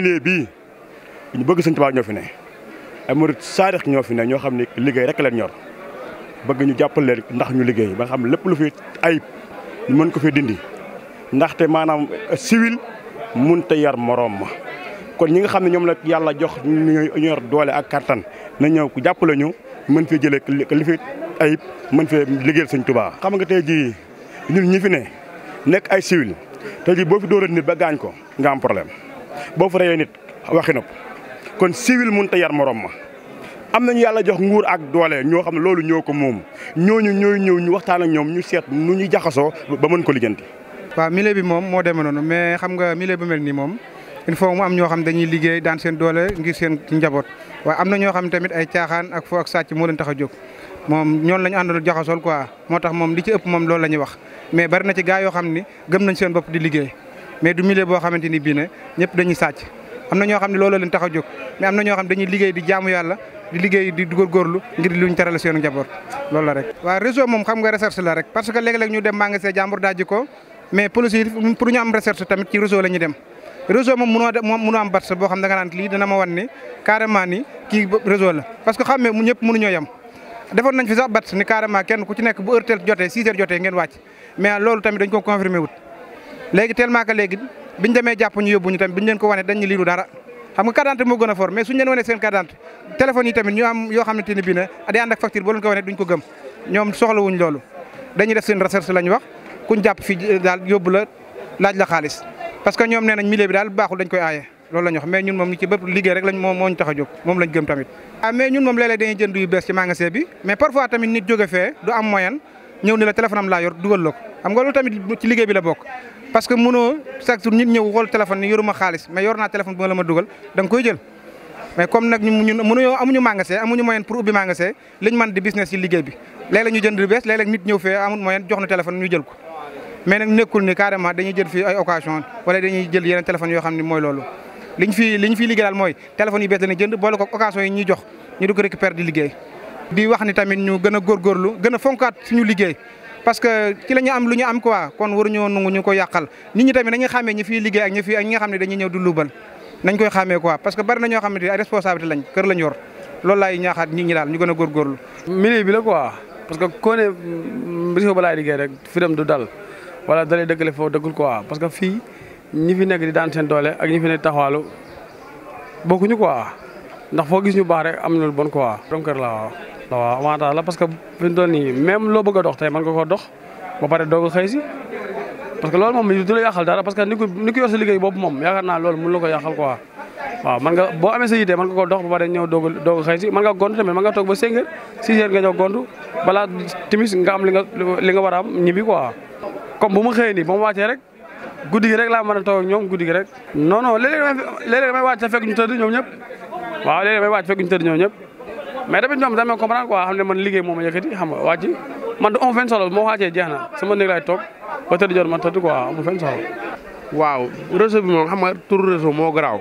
milieu bii ñu bëgg Sëñ Tuubaa ñoo fi ne ay murit ñoo fi ne ñoo xam ne liggéey rek leen ñor bëgg ñu jàppal leen ndax ñu liggéey ba nga xam lépp lu fi ayib mën ko fi dindi ndaxte maanaam civil mënta yar moroom ma kon ñi nga xam ne ñoom la yàlla jox ñu yor doole ak kattan na ñëw ku jàppale ñu mën fee jëlee li fi ayib mën fee liggéeyal Sëñ tubaa xam nga tey jii ñun ñi fi ne nekk ay civil tey jii boo fi dóoree nit ba gaañ ko nga am problème boo fa reyee nit waxi nopp kon civil mënut a yar morom ma. am nañu yàlla jox nguur ak doole ñoo xam ne loolu ñëw ko moom ñooñu ñooy ñëw ñu waxtaan ak ñoom ñu seet nu ñu jaxasoo ba mën ko lijjanti. waaw milieu bi moom moo demee noonu mais xam nga milieu bu mel nii il faut mu am ñoo xam dañuy liggéey daan seen doole ngir seen njaboot waaye am na ñoo xam tamit ay caaxaan ak fo ak sàcc moo leen tax a jóg. moom ñoonu la ñu àndal jaxasool ko moo tax moom li ci ëpp moom loolu la ñuy wax mais bari na ci gaa yoo xam ni gëm nañ seen bopp di liggéey. mais du milieu boo xamante ni bii ne ñëpp dañuy sàcc am na ñoo xam ne looloo leen tax a jóg mais am na ñoo xam dañuy liggéey di jaamu yàlla di liggéey di góorgóorlu ngir luñ teral seen njaboot loolu rek. waaw réseau moom xam nga recherche la rek parce que léeg-léeg ñu dem am recherche tamit ci réseau la ñu dem. réseau moom mënoo de moom mënoo am batsa boo xam da nga naan lii dana ma wan ni carrément ni kii réseau la parce que xam ne ñëpp mënuñoo yem defoon nañ fi sax batsa ni carrément kenn ku ci nekk bu heure telle jotee six heures jotee ngeen wàcc mais loolu tamit dañ léegi tellement que léegi biñ demee jàpp ñu yóbbu ñu tamit biñ leen ko wane dañ ñu liiru dara xam nga carte d'identité moo gën a fort mais tamit ñu am ne bii ne day ànd ak facture boo leen ko wane duñ ko gëm ñoom soxlawuñ loolu dañuy jàpp fii daal yóbbu la laaj la xaalis parce que ñoom nee nañ milieu bi daal baaxul dañ koy aaye loolu la ñu wax ñun moom ñu ci bëpp liggéey rek moo ñu tax a jóg moom lañ gëm tamit ah ñun moom léeg-léeg dañuy jënd yu bees ci magasin bi mais parfois tamit nit jóge fee du am moyen ñëw ni la téléphone am laa yor dugal la ko xam nga tamit ci liggéey la bokk parce que mënoo chaque jour nit ñëw xool téléphone ni yoruma xaalis mais yor naa téléphone bu ma dugal da nga koy jël mais comme nag ñu mënuñoo amuñu magasin amuñu moyen pour ubbi magasin liñ mën di business ci liggéey bi léeg-léeg ñu jënd lu bees léeg nit ñëw fee amul moyen jox na téléphone ñu jël ko mais nag nekkul ni carrément dañuy jël fii ay occasion wala dañuy jël yeneen téléphones yoo xam ne mooy loolu liñ fi liñ fiy liggéey daal mooy téléphones yi bees lañuy jënd boole ko occasion yi ñuy wax ni tamit ñu gën a góorgóorlu gën a fonkaat suñu liggéey parce que ci la ñu am lu ñu am quoi kon waruñoo nangu ñu ko yàqal nit ñu tamit nañu xamee ñi fiy liggéey ak ñi fi ak ñi nga xam ne dañuy ñëw du lubal nañ koy xàmmee quoi parce que bari na ñoo xamante ne ay responsabilité lañ kër lañ yor loolu laay ñaaxaat nit ñi daal ñu gën a góorgóorlu. milieu bi la quoi parce que koo ne risque balaay liggéey rek fi dem du dal wala dalay dëggale foofu dëggul quoi parce que fii ñi fi nekk di daan seen doole ak ñi fi nekk taxawaalu bokkuñu quoi ndax foo gis ñu am na lu bon quoi. borom kër waaw avantage la parce que fi mu toll nii même loo bëgg a dox tey mën nga koo dox ba pare doog a xëy si parce que loolu moom du la yàqal parce que ni ko ni ko yor sa liggéey boobu moom yaakaar naa loolu mën la ko yàqal quoi waaw man nga boo amee sa yitee mën nga koo dox ba pare ñëw doog a a si mën nga gont tamit mën nga toog ba 5 heures 6 nga ñëw gont balaa timis nga am li nga war a am ñibbi quoi comme bu ma xëyee nii ba mu wàccee rek rek laa mën a toog ak ñoom guddi gi rek non non léeg-léeg damay wàcc mais tamit ñoom dama comprendre quoi xam ne man liggéey moom a yëkkati xam nga wàcc man du am fenn solo moo wàccee jeex na sama néeg laay toog ba tëdd jot man tëdd quoi amul fenn solo. waaw réseau bi moom xam nga tur réseau moo garaaw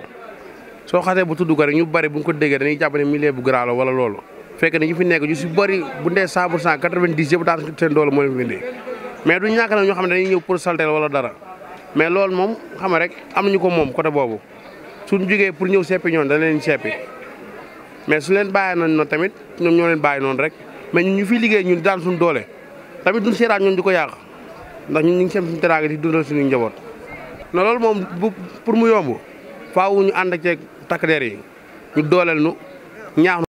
soo xasee bu tudd ko rek ñu bari bu ñu ko déggee dañuy jàpp ne milieu bu garaaw la wala loolu fekk ne ñu fi nekk ñu si bëri bu ndee 100 pour cent 90 yëpp daal seen doole moo leen fi indee mais du ñàkk nag ñoo xam ne dañuy ñëw pour saltel wala dara mais loolu moom xam nga rek am nañu ko moom côté boobu suñu jógee pour ñëw seppi ñoon dañ leen seppi mais su leen bàyyi nañ noonu tamit ñoom ñoo leen bàyyi noonu rek mais ñun ñu fi liggéey ñun daan suñu doole tamit duñ seetaan ñoom di ko yàq ndax ñun ñu ngi seen suñu teraanga di dundal suñu njaboot. non loolu moom bu pour mu yombu faaw ñu ànd ak takk der yi ñu dooleel nu ñaax